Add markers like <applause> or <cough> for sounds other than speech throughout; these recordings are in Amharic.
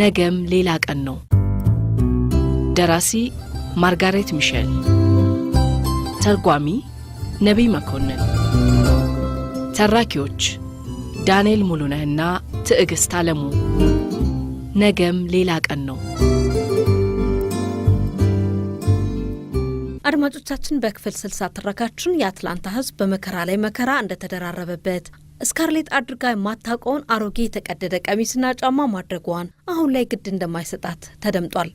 ነገም ሌላ ቀን ነው። ደራሲ ማርጋሬት ሚሸል ተርጓሚ ነቢይ መኮንን፣ ተራኪዎች ዳንኤል ሙሉነህና ትዕግሥት አለሙ። ነገም ሌላ ቀን ነው። አድማጮቻችን በክፍል ስልሳ ትረካችን የአትላንታ ሕዝብ በመከራ ላይ መከራ እንደተደራረበበት ስካርሌት አድርጋ የማታውቀውን አሮጌ የተቀደደ ቀሚስና ጫማ ማድረጓን አሁን ላይ ግድ እንደማይሰጣት ተደምጧል።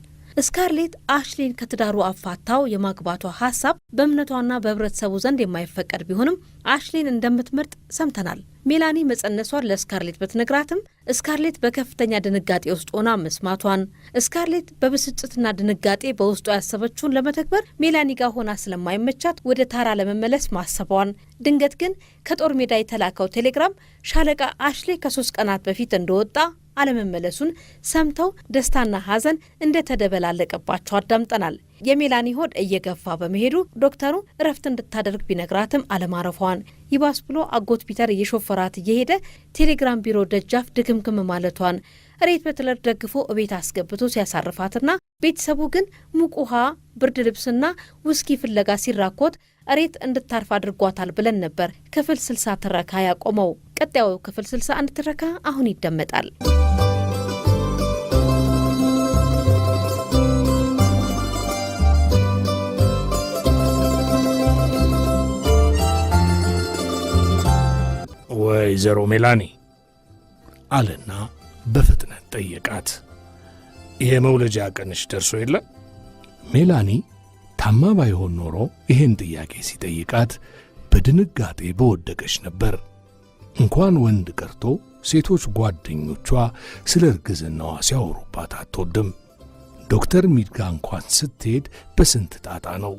ስካርሌት አሽሊን ከትዳሩ አፋታው የማግባቷ ሀሳብ በእምነቷና በህብረተሰቡ ዘንድ የማይፈቀድ ቢሆንም አሽሊን እንደምትመርጥ ሰምተናል። ሜላኒ መጸነሷን ለስካርሌት ብትነግራትም ስካርሌት በከፍተኛ ድንጋጤ ውስጥ ሆና መስማቷን ስካርሌት በብስጭትና ድንጋጤ በውስጡ ያሰበችውን ለመተግበር ሜላኒ ጋር ሆና ስለማይመቻት ወደ ታራ ለመመለስ ማሰቧን ድንገት ግን ከጦር ሜዳ የተላከው ቴሌግራም ሻለቃ አሽሌ ከሶስት ቀናት በፊት እንደወጣ አለመመለሱን ሰምተው ደስታና ሐዘን እንደተደበላለቀባቸው አዳምጠናል። የሜላኒ ሆድ እየገፋ በመሄዱ ዶክተሩ እረፍት እንድታደርግ ቢነግራትም አለማረፏን ይባስ ብሎ አጎት ፒተር እየሾፈራት እየሄደ ቴሌግራም ቢሮ ደጃፍ ድክምክም ማለቷን ሬት በትለር ደግፎ እቤት አስገብቶ ሲያሳርፋትና ቤተሰቡ ግን ሙቅ ውሃ፣ ብርድ ልብስና ውስኪ ፍለጋ ሲራኮት ሬት እንድታርፍ አድርጓታል ብለን ነበር ክፍል ስልሳ ትረካ ያቆመው። ቀጣዩ ክፍል 61 ትረካ አሁን ይደመጣል። ወይዘሮ ሜላኒ አለና በፍጥነት ጠየቃት። የመውለጃ ቀንሽ ደርሶ የለ? ሜላኒ ታማ ባይሆን ኖሮ ይሄን ጥያቄ ሲጠይቃት በድንጋጤ በወደቀች ነበር። እንኳን ወንድ ቀርቶ ሴቶች ጓደኞቿ ስለ እርግዝናዋ ሲያወሩባት አትወድም። ዶክተር ሚድጋ እንኳን ስትሄድ በስንት ጣጣ ነው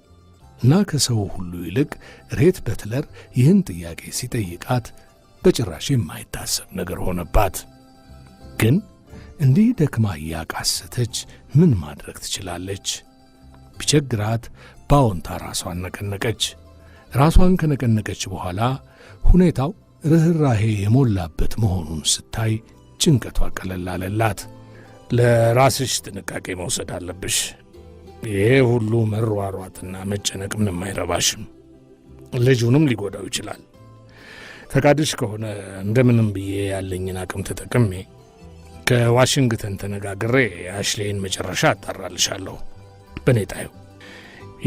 እና ከሰው ሁሉ ይልቅ ሬት በትለር ይህን ጥያቄ ሲጠይቃት በጭራሽ የማይታሰብ ነገር ሆነባት። ግን እንዲህ ደክማ እያቃሰተች ምን ማድረግ ትችላለች? ቢቸግራት በአዎንታ ራሷን ነቀነቀች። ራሷን ከነቀነቀች በኋላ ሁኔታው ርኅራሄ የሞላበት መሆኑን ስታይ ጭንቀቷ ቀለል አለላት። ለራስሽ ጥንቃቄ መውሰድ አለብሽ። ይሄ ሁሉ መሯሯጥና መጨነቅ ምንም አይረባሽም። ልጁንም ሊጎዳው ይችላል። ፈቃድሽ ከሆነ እንደምንም ብዬ ያለኝን አቅም ተጠቅሜ ከዋሽንግተን ተነጋግሬ አሽሌን መጨረሻ አጣራልሻለሁ። በእኔ ጣዩ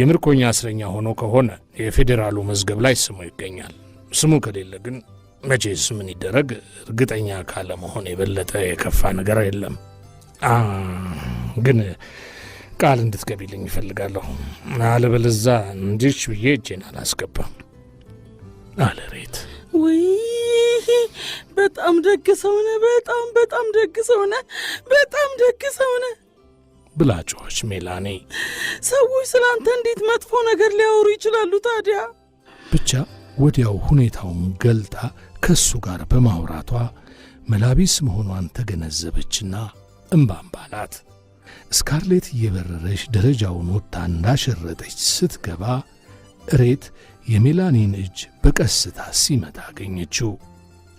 የምርኮኛ እስረኛ ሆኖ ከሆነ የፌዴራሉ መዝገብ ላይ ስሙ ይገኛል። ስሙ ከሌለ ግን መቼስ ምን ይደረግ፣ እርግጠኛ ካለመሆን የበለጠ የከፋ ነገር የለም። ግን ቃል እንድትገቢልኝ ይፈልጋለሁ። አለበለዛ እንዲች ብዬ እጄን አላስገባም አለ ሬት። ውይ በጣም ደግ ሰውነ፣ በጣም በጣም ደግ ሰውነ፣ በጣም ደግ ሰውነ ብላ ጮኸች ሜላኔ። ሰዎች ስለ አንተ እንዴት መጥፎ ነገር ሊያወሩ ይችላሉ ታዲያ? ብቻ ወዲያው ሁኔታውን ገልጣ ከእሱ ጋር በማውራቷ መላቢስ መሆኗን ተገነዘበችና እምባምባላት። ስካርሌት እየበረረች ደረጃውን ወጥታ እንዳሸረጠች ስትገባ እሬት የሜላኒን እጅ በቀስታ ሲመታ አገኘችው።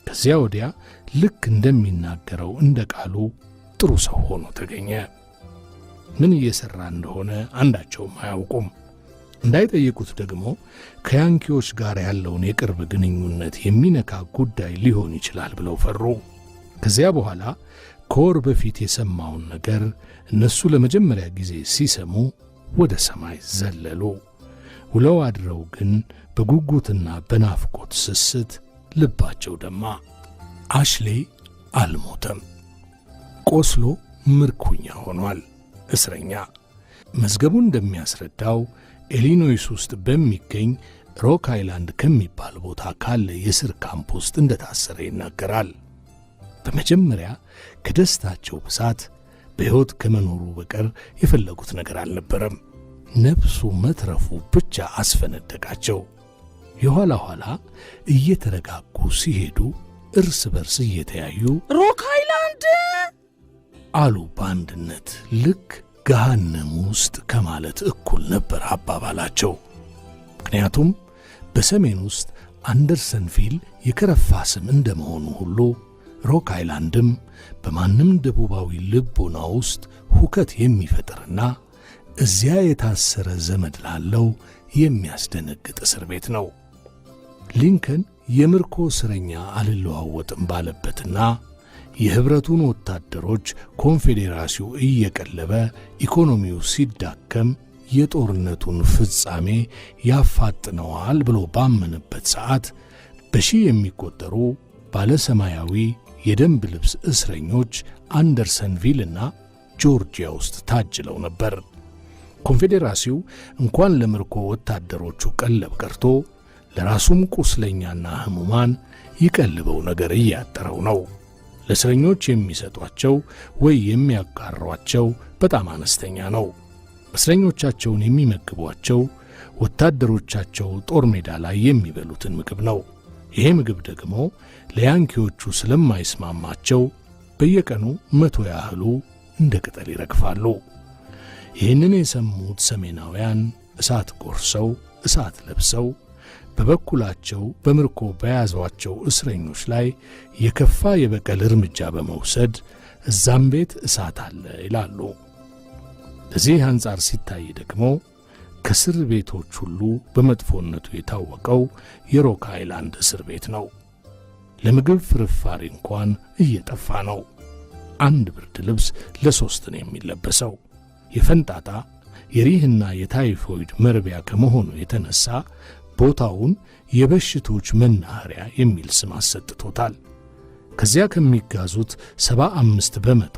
ከዚያ ወዲያ ልክ እንደሚናገረው እንደ ቃሉ ጥሩ ሰው ሆኖ ተገኘ። ምን እየሠራ እንደሆነ አንዳቸውም አያውቁም። እንዳይጠይቁት ደግሞ ከያንኪዎች ጋር ያለውን የቅርብ ግንኙነት የሚነካ ጉዳይ ሊሆን ይችላል ብለው ፈሩ። ከዚያ በኋላ ከወር በፊት የሰማውን ነገር እነሱ ለመጀመሪያ ጊዜ ሲሰሙ ወደ ሰማይ ዘለሉ። ውለው አድረው ግን በጉጉትና በናፍቆት ስስት ልባቸው ደማ። አሽሌ አልሞተም። ቆስሎ ምርኩኛ ሆኗል። እስረኛ መዝገቡ እንደሚያስረዳው ኢሊኖይስ ውስጥ በሚገኝ ሮክ አይላንድ ከሚባል ቦታ ካለ የስር ካምፕ ውስጥ እንደታሰረ ይናገራል። በመጀመሪያ ከደስታቸው ብዛት በሕይወት ከመኖሩ በቀር የፈለጉት ነገር አልነበረም። ነፍሱ መትረፉ ብቻ አስፈነደቃቸው። የኋላ ኋላ እየተረጋጉ ሲሄዱ እርስ በርስ እየተያዩ ሮክ አይላንድ አሉ በአንድነት ልክ ገሃነም ውስጥ ከማለት እኩል ነበር አባባላቸው። ምክንያቱም በሰሜን ውስጥ አንደርሰን ፊል የከረፋ ስም እንደመሆኑ ሁሉ ሮክ አይላንድም በማንም ደቡባዊ ልቦና ውስጥ ሁከት የሚፈጥርና እዚያ የታሰረ ዘመድ ላለው የሚያስደነግጥ እስር ቤት ነው። ሊንከን የምርኮ እስረኛ አልለዋወጥም ባለበትና የኅብረቱን ወታደሮች ኮንፌዴራሲው እየቀለበ ኢኮኖሚው ሲዳከም የጦርነቱን ፍጻሜ ያፋጥነዋል ብሎ ባመነበት ሰዓት በሺህ የሚቆጠሩ ባለሰማያዊ የደንብ ልብስ እስረኞች አንደርሰንቪልና ጆርጂያ ውስጥ ታጅለው ነበር። ኮንፌዴራሲው እንኳን ለምርኮ ወታደሮቹ ቀለብ ቀርቶ ለራሱም ቁስለኛና ሕሙማን ይቀልበው ነገር እያጠረው ነው። ለእስረኞች የሚሰጧቸው ወይ የሚያጋሯቸው በጣም አነስተኛ ነው። እስረኞቻቸውን የሚመግቧቸው ወታደሮቻቸው ጦር ሜዳ ላይ የሚበሉትን ምግብ ነው። ይሄ ምግብ ደግሞ ለያንኪዎቹ ስለማይስማማቸው በየቀኑ መቶ ያህሉ እንደ ቅጠል ይረግፋሉ። ይህንን የሰሙት ሰሜናውያን እሳት ጎርሰው እሳት ለብሰው በበኩላቸው በምርኮ በያዟቸው እስረኞች ላይ የከፋ የበቀል እርምጃ በመውሰድ እዛም ቤት እሳት አለ ይላሉ። በዚህ አንጻር ሲታይ ደግሞ ከእስር ቤቶች ሁሉ በመጥፎነቱ የታወቀው የሮክ አይላንድ እስር ቤት ነው። ለምግብ ፍርፋሪ እንኳን እየጠፋ ነው። አንድ ብርድ ልብስ ለሦስት ነው የሚለበሰው። የፈንጣጣ የሪህና የታይፎይድ መርቢያ ከመሆኑ የተነሳ ቦታውን የበሽቶች መናኸሪያ የሚል ስም አሰጥቶታል። ከዚያ ከሚጋዙት ሰባ አምስት በመቶ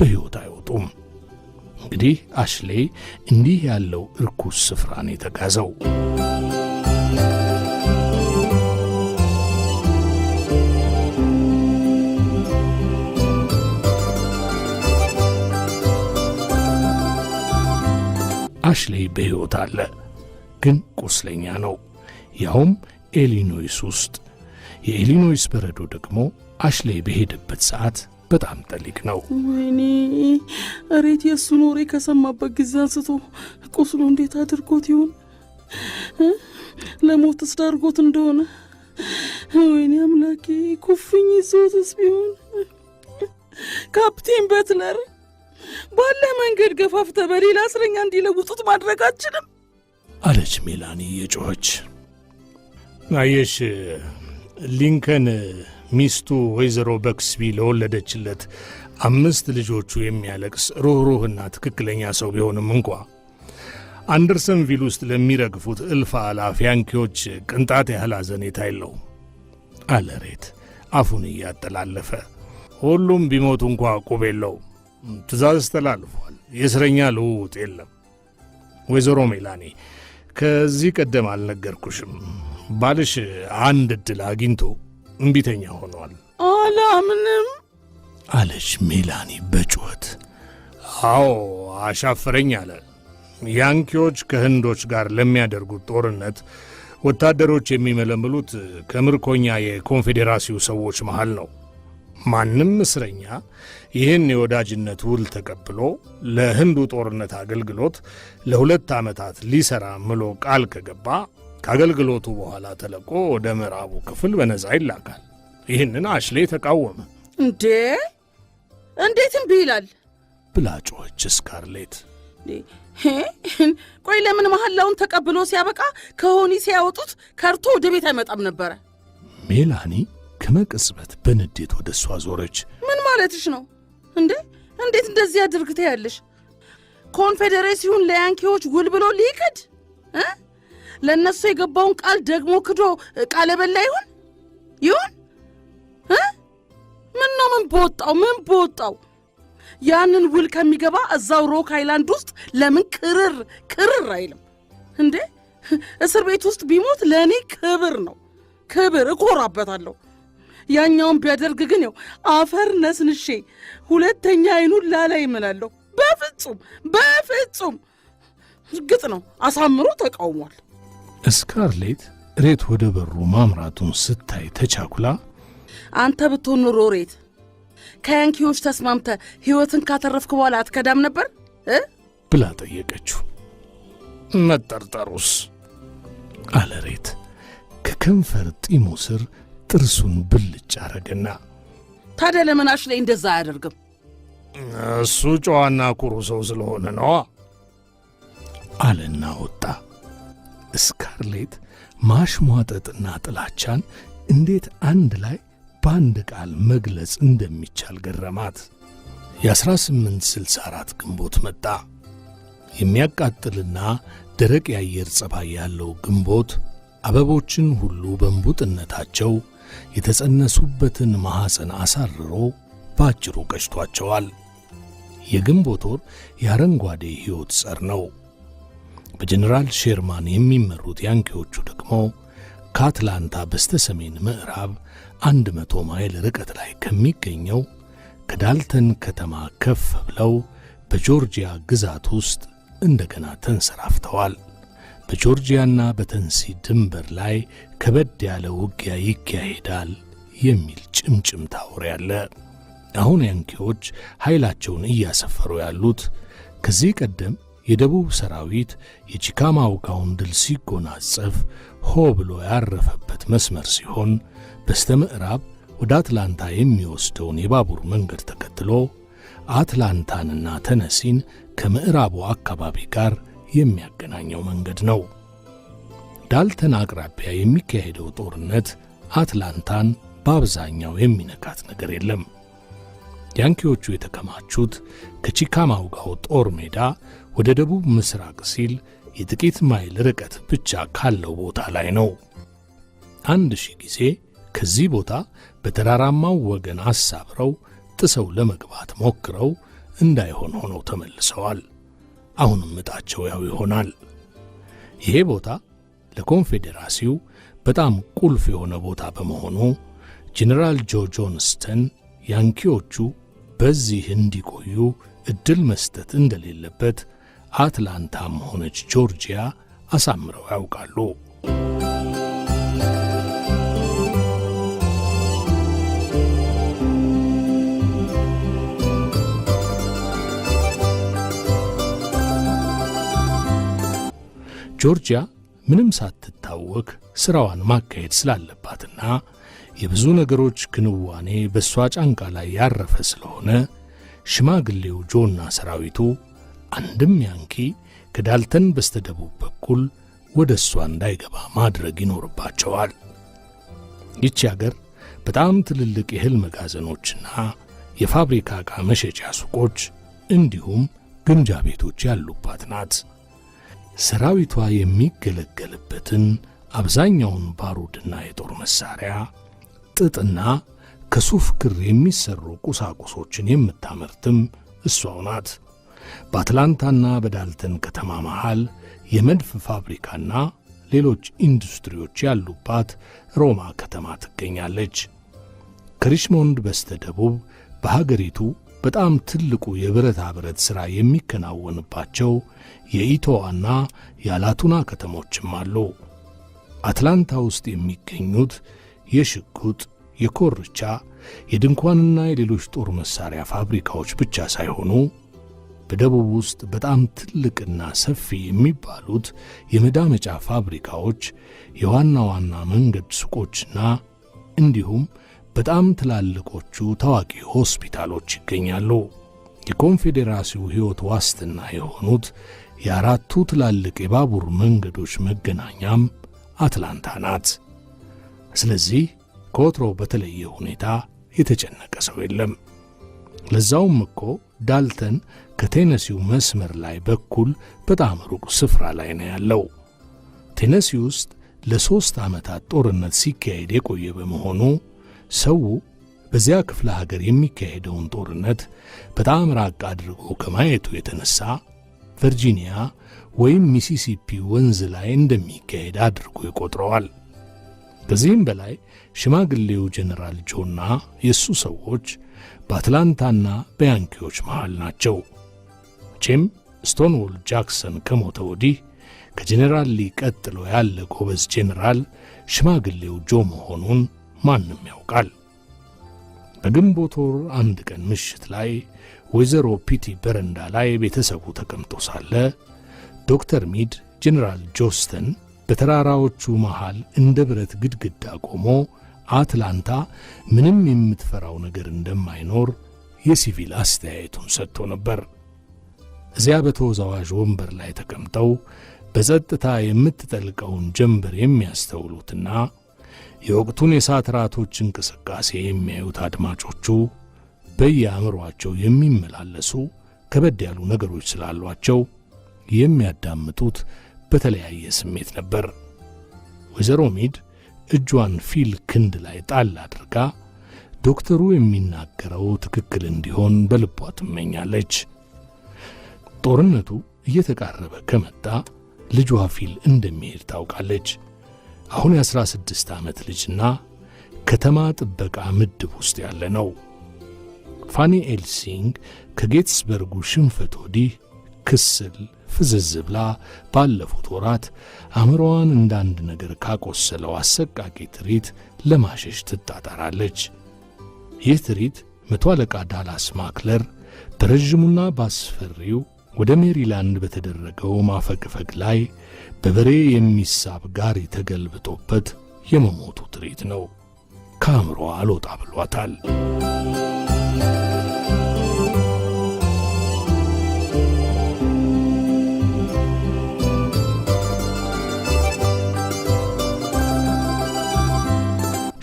በሕይወት አይወጡም። እንግዲህ አሽሌ እንዲህ ያለው እርኩስ ስፍራን የተጋዘው አሽሌ በሕይወት አለ። ግን ቁስለኛ ነው፣ ያውም ኤሊኖይስ ውስጥ። የኤሊኖይስ በረዶ ደግሞ አሽሌ በሄደበት ሰዓት በጣም ጠሊቅ ነው። ወይኔ እሬት የእሱን ወሬ ከሰማበት ጊዜ አንስቶ ቁስሉ እንዴት አድርጎት ይሆን? ለሞትስ ዳርጎት እንደሆነ ወይኔ አምላኬ፣ ኩፍኝ ይዞትስ ቢሆን ካፕቴን በትለር ባለ መንገድ ገፋፍተ በሌላ እስረኛ እንዲለውጡት ማድረግ አችልም። አለች ሜላኒ የጮኸች። አየሽ ሊንከን ሚስቱ ወይዘሮ በክስቢ ለወለደችለት አምስት ልጆቹ የሚያለቅስ ሩኅሩኅና ትክክለኛ ሰው ቢሆንም እንኳ አንደርሰን ቪል ውስጥ ለሚረግፉት እልፍ አላፍ ያንኪዎች ቅንጣት ያህል አዘኔታ የለው አለ ሬት አፉን እያጠላለፈ። ሁሉም ቢሞቱ እንኳ ቁብ የለው። ትእዛዝ ተላልፏል። የእስረኛ ልውውጥ የለም። ወይዘሮ ሜላኔ ከዚህ ቀደም አልነገርኩሽም። ባልሽ አንድ ዕድል አግኝቶ እምቢተኛ ሆኗል። አላምንም አለች ሜላኒ በጩኸት። አዎ አሻፈረኝ አለ። ያንኪዎች ከህንዶች ጋር ለሚያደርጉት ጦርነት ወታደሮች የሚመለምሉት ከምርኮኛ የኮንፌዴራሲው ሰዎች መሃል ነው። ማንም እስረኛ ይህን የወዳጅነት ውል ተቀብሎ ለህንዱ ጦርነት አገልግሎት ለሁለት ዓመታት ሊሰራ ምሎ ቃል ከገባ ከአገልግሎቱ በኋላ ተለቆ ወደ ምዕራቡ ክፍል በነፃ ይላካል። ይህንን አሽሌ ተቃወመ። እንዴ እንዴት እምቢ ይላል ብላጮች ስካርሌት። ቆይ ለምን መሐላውን ተቀብሎ ሲያበቃ ከሆኒ ሲያወጡት ከርቶ ወደ ቤት አይመጣም ነበረ? ሜላኒ በቅጽበት በንዴት ወደ እሷ ዞረች። ምን ማለትሽ ነው እንዴ? እንዴት እንደዚህ አድርግተ ያለሽ? ኮንፌዴሬሲውን ለያንኪዎች ውል ብሎ ሊክድ ለእነሱ የገባውን ቃል ደግሞ ክዶ ቃለ በላ ይሁን ይሁን ምን ነው ምን በወጣው ምን በወጣው ያንን ውል ከሚገባ እዛው ሮክ ሃይላንድ ውስጥ ለምን ቅርር ቅርር አይልም እንዴ? እስር ቤት ውስጥ ቢሞት ለእኔ ክብር ነው፣ ክብር እኮራበታለሁ። ያኛውን ቢያደርግ ግን ው አፈር ነስንሼ ሁለተኛ አይኑን ላላይ ይምላለሁ። በፍጹም በፍጹም። እርግጥ ነው አሳምሮ ተቃውሟል። እስካርሌት ሬት ወደ በሩ ማምራቱን ስታይ ተቻኩላ አንተ ብትሆን ኑሮ ሬት ከያንኪዎች ተስማምተ ሕይወትን ካተረፍክ በኋላ አትከዳም ነበር እ ብላ ጠየቀችው። መጠርጠሩስ አለ ሬት ከከንፈር ጢሙ ስር ጥርሱን ብልጭ አረገና ታዲያ ለመናሽ ላይ እንደዛ አያደርግም? እሱ ጨዋና ኩሩ ሰው ስለሆነ ነዋ አለና ወጣ። እስካርሌት ማሽሟጠጥና ጥላቻን እንዴት አንድ ላይ በአንድ ቃል መግለጽ እንደሚቻል ገረማት። የ1864 ግንቦት መጣ። የሚያቃጥልና ደረቅ የአየር ጸባይ ያለው ግንቦት አበቦችን ሁሉ በንቡጥነታቸው የተጸነሱበትን ማኅፀን አሳርሮ በአጭሩ ቀጭቷቸዋል። የግንቦት ወር የአረንጓዴ ሕይወት ጸር ነው። በጀኔራል ሼርማን የሚመሩት ያንኪዎቹ ደግሞ ከአትላንታ በስተ ሰሜን ምዕራብ አንድ መቶ ማይል ርቀት ላይ ከሚገኘው ከዳልተን ከተማ ከፍ ብለው በጆርጂያ ግዛት ውስጥ እንደገና ተንሰራፍተዋል። በጆርጂያና በተንሲ ድንበር ላይ ከበድ ያለ ውጊያ ይካሄዳል የሚል ጭምጭምታ ወሬ አለ። አሁን ያንኪዎች ኃይላቸውን እያሰፈሩ ያሉት ከዚህ ቀደም የደቡብ ሰራዊት የቺካማውጋውን ድል ሲጎናጸፍ ሆ ብሎ ያረፈበት መስመር ሲሆን በስተ ምዕራብ ወደ አትላንታ የሚወስደውን የባቡር መንገድ ተከትሎ አትላንታንና ተነሲን ከምዕራቡ አካባቢ ጋር የሚያገናኘው መንገድ ነው። ዳልተን አቅራቢያ የሚካሄደው ጦርነት አትላንታን በአብዛኛው የሚነካት ነገር የለም። ያንኪዎቹ የተከማቹት ከቺካማውጋው ጦር ሜዳ ወደ ደቡብ ምስራቅ ሲል የጥቂት ማይል ርቀት ብቻ ካለው ቦታ ላይ ነው። አንድ ሺህ ጊዜ ከዚህ ቦታ በተራራማው ወገን አሳብረው ጥሰው ለመግባት ሞክረው እንዳይሆን ሆነው ተመልሰዋል። አሁንም እጣቸው ያው ይሆናል። ይሄ ቦታ ለኮንፌዴራሲው በጣም ቁልፍ የሆነ ቦታ በመሆኑ ጄኔራል ጆ ጆንስተን ያንኪዎቹ በዚህ እንዲቆዩ እድል መስጠት እንደሌለበት አትላንታም ሆነች ጆርጂያ አሳምረው ያውቃሉ። ጆርጂያ ምንም ሳትታወክ ሥራዋን ማካሄድ ስላለባትና የብዙ ነገሮች ክንዋኔ በእሷ ጫንቃ ላይ ያረፈ ስለሆነ ሽማግሌው ጆና ሰራዊቱ አንድም ያንኪ ከዳልተን በስተደቡብ በኩል ወደ እሷ እንዳይገባ ማድረግ ይኖርባቸዋል። ይቺ አገር በጣም ትልልቅ የእህል መጋዘኖችና የፋብሪካ ዕቃ መሸጫ ሱቆች እንዲሁም ግምጃ ቤቶች ያሉባት ናት። ሰራዊቷ የሚገለገልበትን አብዛኛውን ባሩድና የጦር መሳሪያ ጥጥና ከሱፍ ክር የሚሰሩ ቁሳቁሶችን የምታመርትም እሷው ናት። በአትላንታና በዳልተን ከተማ መሃል የመድፍ ፋብሪካና ሌሎች ኢንዱስትሪዎች ያሉባት ሮማ ከተማ ትገኛለች። ከሪችሞንድ በስተ ደቡብ በሀገሪቱ በጣም ትልቁ የብረታ ብረት ሥራ የሚከናወንባቸው የኢቶዋና የአላቱና ከተሞችም አሉ። አትላንታ ውስጥ የሚገኙት የሽጉጥ፣ የኮርቻ፣ የድንኳንና የሌሎች ጦር መሣሪያ ፋብሪካዎች ብቻ ሳይሆኑ በደቡብ ውስጥ በጣም ትልቅና ሰፊ የሚባሉት የመዳመጫ ፋብሪካዎች፣ የዋና ዋና መንገድ ሱቆችና እንዲሁም በጣም ትላልቆቹ ታዋቂ ሆስፒታሎች ይገኛሉ። የኮንፌዴራሲው ሕይወት ዋስትና የሆኑት የአራቱ ትላልቅ የባቡር መንገዶች መገናኛም አትላንታ ናት። ስለዚህ ከወትሮ በተለየ ሁኔታ የተጨነቀ ሰው የለም። ለዛውም እኮ ዳልተን ከቴነሲው መስመር ላይ በኩል በጣም ሩቅ ስፍራ ላይ ነው ያለው። ቴነሲ ውስጥ ለሦስት ዓመታት ጦርነት ሲካሄድ የቆየ በመሆኑ ሰው በዚያ ክፍለ ሀገር የሚካሄደውን ጦርነት በጣም ራቅ አድርጎ ከማየቱ የተነሳ ቨርጂኒያ ወይም ሚሲሲፒ ወንዝ ላይ እንደሚካሄድ አድርጎ ይቆጥረዋል። ከዚህም በላይ ሽማግሌው ጀነራል ጆና የእሱ ሰዎች በአትላንታና በያንኪዎች መሃል ናቸው። መቼም ስቶንዎል ጃክሰን ከሞተ ወዲህ ከጄኔራል ሊ ቀጥሎ ያለ ጎበዝ ጄኔራል ሽማግሌው ጆ መሆኑን ማንም ያውቃል። በግንቦት ወር አንድ ቀን ምሽት ላይ ወይዘሮ ፒቲ በረንዳ ላይ ቤተሰቡ ተቀምጦ ሳለ ዶክተር ሚድ ጄኔራል ጆስተን በተራራዎቹ መሃል እንደ ብረት ግድግዳ ቆሞ አትላንታ ምንም የምትፈራው ነገር እንደማይኖር የሲቪል አስተያየቱን ሰጥቶ ነበር። እዚያ በተወዛዋዥ ወንበር ላይ ተቀምጠው በጸጥታ የምትጠልቀውን ጀንበር የሚያስተውሉትና የወቅቱን ራቶች እንቅስቃሴ የሚያዩት አድማጮቹ በየአእምሯቸው የሚመላለሱ ከበድ ያሉ ነገሮች ስላሏቸው የሚያዳምጡት በተለያየ ስሜት ነበር። ወይዘሮ ሚድ እጇን ፊል ክንድ ላይ ጣል አድርጋ ዶክተሩ የሚናገረው ትክክል እንዲሆን በልቧ ትመኛለች። ጦርነቱ እየተቃረበ ከመጣ ልጇ ፊል እንደሚሄድ ታውቃለች። አሁን የ16 ዓመት ልጅና ከተማ ጥበቃ ምድብ ውስጥ ያለ ነው። ፋኒ ኤልሲንግ ከጌትስበርጉ ሽንፈት ወዲህ ክስል ፍዝዝ ብላ ባለፉት ወራት አእምሮዋን አንድ ነገር ካቆሰለው አሰቃቂ ትርኢት ለማሸሽ ትጣጣራለች። ይህ ትርኢት መቶ አለቃ ዳላስ ማክለር በረዥሙና ባስፈሪው ወደ ሜሪላንድ በተደረገው ማፈግፈግ ላይ በበሬ የሚሳብ ጋሪ ተገልብጦበት የመሞቱ ትርኢት ነው። ከአእምሮ አልወጣ ብሏታል።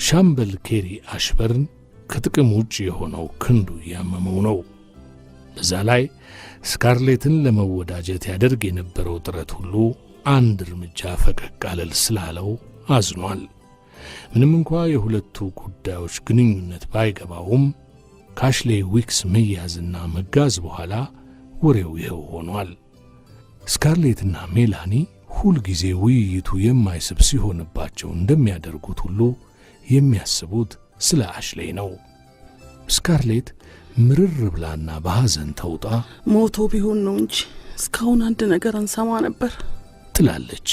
ሻምበል ኬሪ አሽበርን ከጥቅም ውጭ የሆነው ክንዱ እያመመው ነው። በዛ ላይ ስካርሌትን ለመወዳጀት ያደርግ የነበረው ጥረት ሁሉ አንድ እርምጃ ፈቀቅ አለል ስላለው አዝኗል። ምንም እንኳ የሁለቱ ጉዳዮች ግንኙነት ባይገባውም ካሽሌ ዊክስ መያዝና መጋዝ በኋላ ወሬው ይኸው ሆኗል። ስካርሌትና ሜላኒ ሁልጊዜ ውይይቱ የማይስብ ሲሆንባቸው እንደሚያደርጉት ሁሉ የሚያስቡት ስለ አሽሌ ነው። ስካርሌት ምርር ብላና በሐዘን ተውጣ ሞቶ ቢሆን ነው እንጂ እስካሁን አንድ ነገር እንሰማ ነበር ትላለች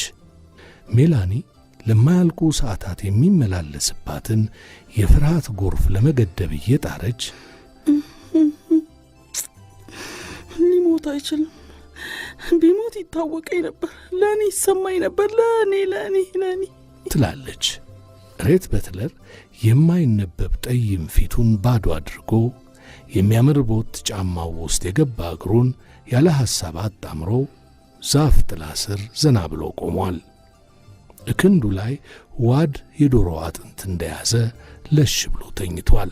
ሜላኒ ለማያልቁ ሰዓታት የሚመላለስባትን የፍርሃት ጎርፍ ለመገደብ እየጣረች <laughs> ሊሞት አይችልም። ቢሞት ይታወቀኝ ነበር፣ ለእኔ ይሰማኝ ነበር፣ ለእኔ ለእኔ ለእኔ ትላለች። ሬት በትለር የማይነበብ ጠይም ፊቱን ባዶ አድርጎ የሚያምር ቦት ጫማው ውስጥ የገባ እግሩን ያለ ሐሳብ አጣምሮ ዛፍ ጥላ ስር ዘና ብሎ ቆሟል። እክንዱ ላይ ዋድ የዶሮ አጥንት እንደያዘ ለሽ ብሎ ተኝቷል።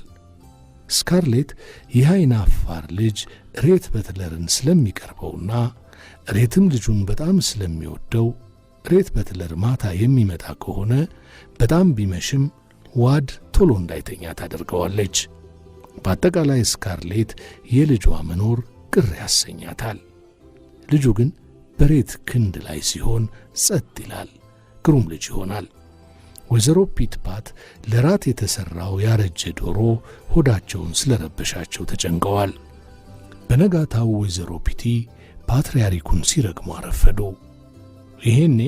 ስካርሌት ይህ ዓይን አፋር ልጅ ሬት በትለርን ስለሚቀርበውና ሬትም ልጁን በጣም ስለሚወደው ሬት በትለር ማታ የሚመጣ ከሆነ በጣም ቢመሽም ዋድ ቶሎ እንዳይተኛ ታደርገዋለች። በአጠቃላይ ስካርሌት የልጇ መኖር ቅር ያሰኛታል። ልጁ ግን በሬት ክንድ ላይ ሲሆን ጸጥ ይላል። ግሩም ልጅ ይሆናል። ወይዘሮ ፒትፓት ለራት የተሠራው ያረጀ ዶሮ ሆዳቸውን ስለረበሻቸው ተጨንቀዋል። በነጋታው ወይዘሮ ፒቲ ፓትርያርኩን ሲረግሙ አረፈዱ። ይሄኔ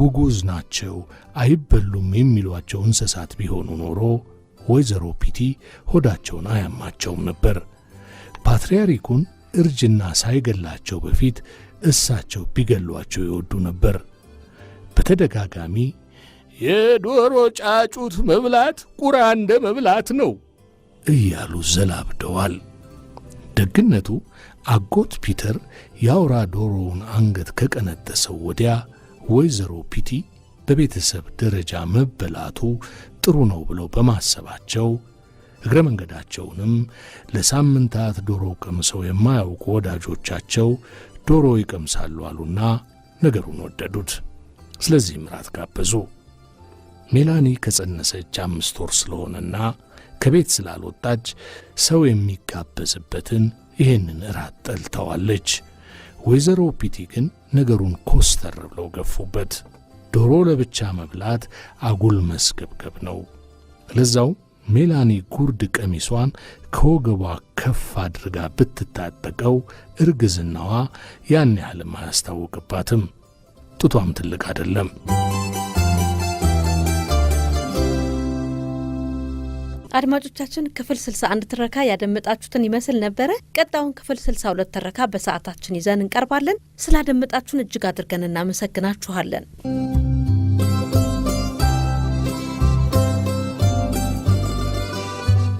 ውጉዝ ናቸው አይበሉም የሚሏቸው እንስሳት ቢሆኑ ኖሮ ወይዘሮ ፒቲ ሆዳቸውን አያማቸውም ነበር። ፓትርያርኩን እርጅና ሳይገላቸው በፊት እሳቸው ቢገሏቸው ይወዱ ነበር። በተደጋጋሚ የዶሮ ጫጩት መብላት ቁራ እንደ መብላት ነው እያሉ ዘላብደዋል። ደግነቱ አጎት ፒተር የአውራ ዶሮውን አንገት ከቀነጠሰው ወዲያ ወይዘሮ ፒቲ በቤተሰብ ደረጃ መበላቱ ጥሩ ነው ብለው በማሰባቸው እግረ መንገዳቸውንም ለሳምንታት ዶሮ ቀምሰው የማያውቁ ወዳጆቻቸው ዶሮ ይቀምሳሉ አሉና ነገሩን ወደዱት። ስለዚህ ምራት ጋበዙ። ሜላኒ ከጸነሰች አምስት ወር ስለሆነና ከቤት ስላልወጣች ሰው የሚጋበዝበትን ይህንን እራት ጠልተዋለች። ወይዘሮ ፒቲ ግን ነገሩን ኮስተር ብለው ገፉበት። ዶሮ ለብቻ መብላት አጉል መስገብገብ ነው። ለዛው ሜላኒ ጉርድ ቀሚሷን ከወገቧ ከፍ አድርጋ ብትታጠቀው እርግዝናዋ ያን ያህልም አያስታውቅባትም። ጡቷም ትልቅ አይደለም። አድማጮቻችን ክፍል 61 ትረካ ያደመጣችሁትን ይመስል ነበረ። ቀጣዩን ክፍል 62 ትረካ በሰዓታችን ይዘን እንቀርባለን። ስላደመጣችሁን እጅግ አድርገን እናመሰግናችኋለን።